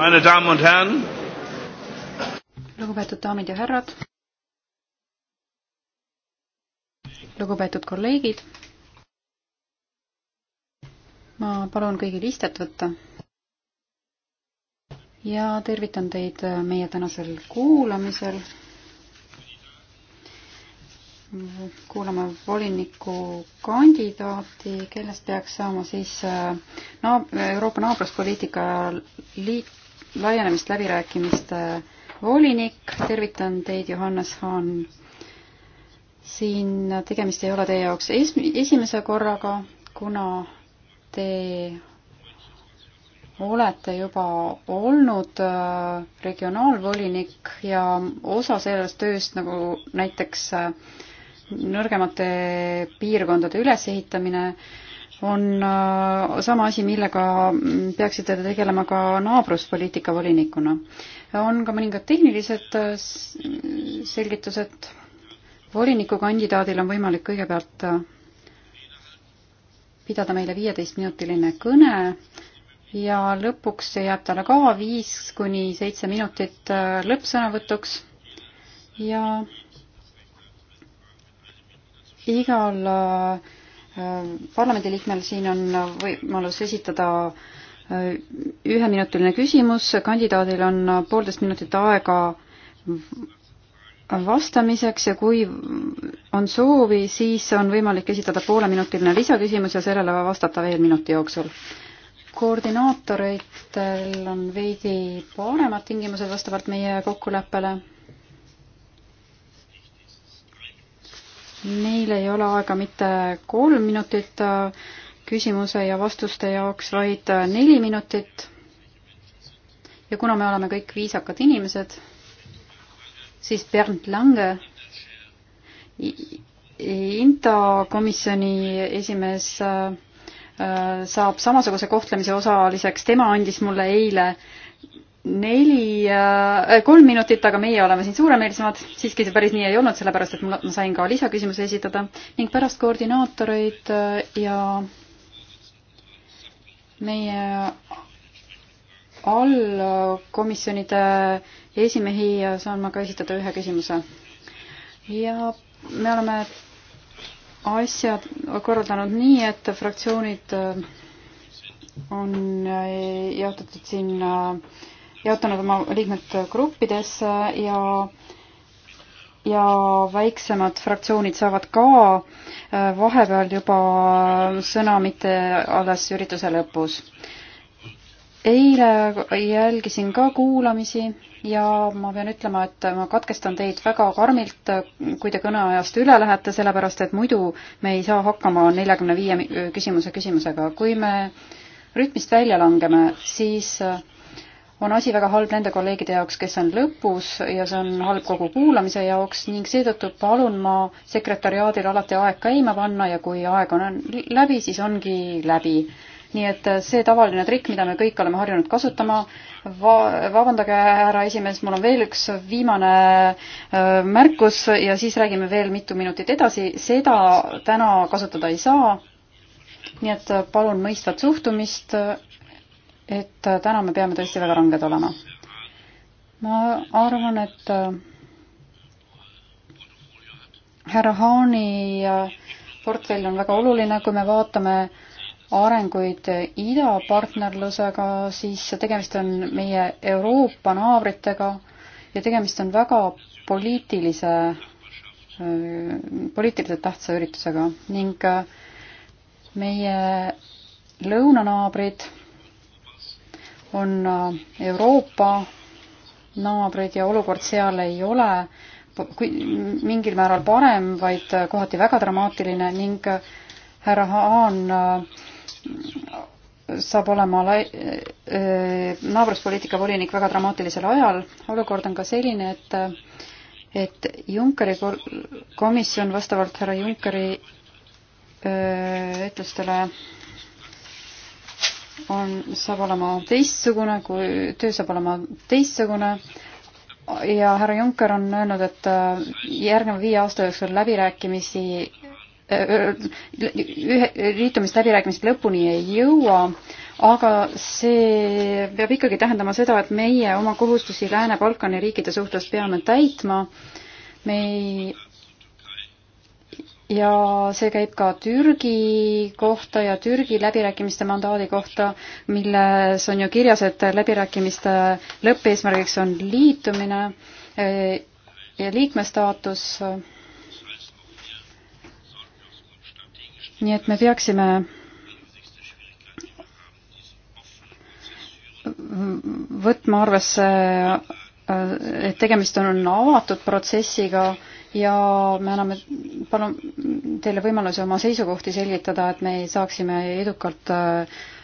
Meine Damen und Herren. lugupeetud daamid ja härrad. lugupeetud kolleegid. ma palun kõigil istet võtta. ja tervitan teid meie tänasel kuulamisel kuulame voliniku kandidaati, kellest peaks saama siis äh, naab-, Euroopa naabruspoliitika liit, laienemist läbirääkimiste volinik, tervitan teid, Johannes Haan. siin tegemist ei ole teie jaoks es-, esimese korraga, kuna te olete juba olnud äh, regionaalvolinik ja osa sellest tööst nagu näiteks äh, nõrgemate piirkondade ülesehitamine on äh, sama asi, millega peaksite te tegelema ka naabruspoliitika volinikuna. on ka mõningad tehnilised äh, selgitused. volinikukandidaadil on võimalik kõigepealt äh, pidada meile viieteistminutiline kõne ja lõpuks jääb talle ka viis kuni seitse minutit lõppsõnavõtuks ja igal äh, parlamendiliikmel siin on võimalus esitada äh, üheminutiline küsimus, kandidaadil on poolteist minutit aega vastamiseks ja kui on soovi, siis on võimalik esitada pooleminutiline lisaküsimus ja sellele vastata veel minuti jooksul. koordinaatoritel on veidi paremad tingimused vastavalt meie kokkuleppele meil ei ole aega mitte kolm minutit äh, küsimuse ja vastuste jaoks, vaid äh, neli minutit. ja kuna me oleme kõik viisakad inimesed, siis Bernd Lange, INTA komisjoni esimees, äh, saab samasuguse kohtlemise osaliseks, tema andis mulle eile äh, neli äh,, kolm minutit, aga meie oleme siin suuremeelsemad. siiski see päris nii ei olnud, sellepärast et ma sain ka lisaküsimuse esitada ning pärast koordinaatoreid äh, ja meie allkomisjonide esimehi äh, saan ma ka esitada ühe küsimuse. ja me oleme asjad korraldanud nii, et fraktsioonid äh, on jaotatud siin äh, jaotanud oma liikmed gruppidesse ja ja väiksemad fraktsioonid saavad ka äh, vahepeal juba sõna, mitte alles ürituse lõpus. eile jälgisin ka kuulamisi ja ma pean ütlema, et ma katkestan teid väga karmilt, kui te kõneajast üle lähete, sellepärast et muidu me ei saa hakkama neljakümne viie küsimuse küsimusega. kui me rütmist välja langeme, siis äh, on asi väga halb nende kolleegide jaoks, kes on lõpus ja see on halb kogu kuulamise jaoks ning seetõttu palun ma sekretäriaadil alati aeg käima panna ja kui aeg on läbi, siis ongi läbi. nii et see tavaline trikk, mida me kõik oleme harjunud kasutama va, vabandage, härra esimees, mul on veel üks viimane öö, märkus ja siis räägime veel mitu minutit edasi, seda täna kasutada ei saa. nii et palun mõistvat suhtumist et äh, täna me peame tõesti väga ranged olema. ma arvan, et äh, härra Haani äh, portfell on väga oluline, kui me vaatame arenguid idapartnerlusega, siis tegemist on meie Euroopa naabritega ja tegemist on väga poliitilise, poliitiliselt tähtsa üritusega ning meie lõunanaabrid on äh, Euroopa naabrid ja olukord seal ei ole kui, mingil määral parem, vaid äh, kohati väga dramaatiline ning äh, härra Haan saab olema lai-, naabruspoliitika volinik väga dramaatilisel ajal. olukord on ka selline, et, et Junckeri komisjon vastavalt härra Junckeri ütlustele on, saab olema teistsugune, kui töö saab olema teistsugune ja härra Juncker on öelnud, et äh, järgneva viie aasta jooksul läbirääkimisi äh, ühe, liitumisläbirääkimiste lõpuni ei jõua, aga see peab ikkagi tähendama seda, et meie oma kohustusi Lääne-Balkani riikide suhtes peame täitma. me ei ja see käib ka Türgi kohta ja Türgi läbirääkimiste mandaadi kohta, milles on ju kirjas, et läbirääkimiste lõppeesmärgiks on liitumine e, ja liikmestaatus. nii et me peaksime võtma arvesse Äh, et tegemist on avatud protsessiga ja me anname, palun teile võimaluse oma seisukohti selgitada, et me saaksime edukalt äh,